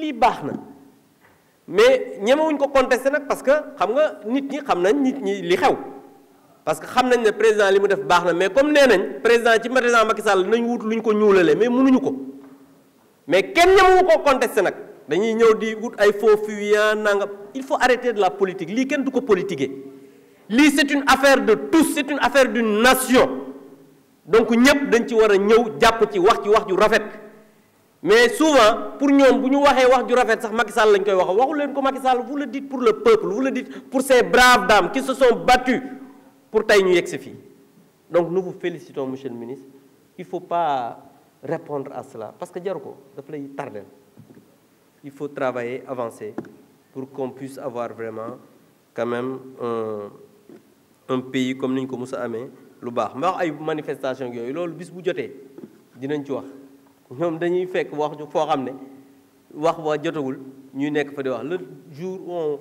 li baxna na mais ñemewuñ ko contesté nak parce que xam nga nit ñi xam nañ nit ñi li xew parce que xam nañ ne président limu def baxna mais comme nee nañ président ci président Macky Sall nañ wut luñ ko ñuulalé mais mënuñu ko mais kenn ñemewu ko contesté nak dañuy ñëw di wut ay faux fuyants nanga il faut arrêter de la politique li kenn du ko politiquer li c'est une affaire de tous c'est une affaire d'une nation donc ñëpp dañ ci wara ñëw japp ci wax ci wax ju rafet mais souvent pour nous, si nous wax ju rafet Macky Sall vous le dites pour le peuple vous le dites pour ces braves dames qui se sont battues pour tey avec ces filles. donc nous vous félicitons monsieur le ministre il ne faut pas répondre à cela parce que jaru ko il faut travailler avancer pour qu'on puisse avoir vraiment quand même un pays comme nous, comme ko mos a amee lu baax y wax manifestation yooyu loolu bis bu jotee dinañ ci ñoom dañuy fekk wax ju foo xam ne wax ba jotagul ñu nekk fa di wax le jour où on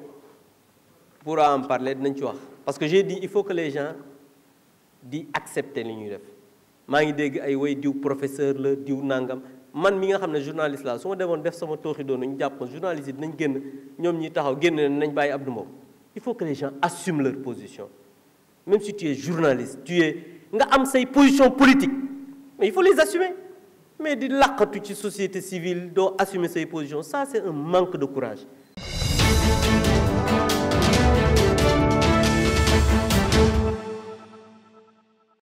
pourra en parler dinañ ci wax parce que j'ai dit il faut que les gens di accepter li ñuy def maa ngi dégg ay way diw professeur la diw nangam man mi nga xam ne journaliste la su ma demoon def sama tooxi doon ñu jàpp journaliste yi dinañ génn ñoom ñi taxaw génn nañ bàyyi Abdou Mbow il faut que les gens assument leur position même si tu es journaliste tu es nga am say position politique mais il faut les assumer mais de la ci société civile doit assumer ses positions, ça c'est un manque de courage